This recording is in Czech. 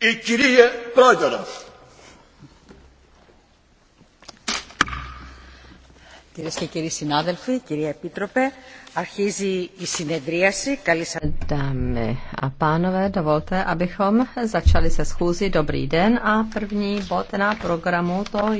i kyrie pradjadas. Κυρίε και κύριοι συνάδελφοι, κυρία Επίτροπε, αρχίζει η συνεδρίαση. Καλή σα. a pánové, dovolte, abychom začali se schůzi. Dobrý den a první bod na programu to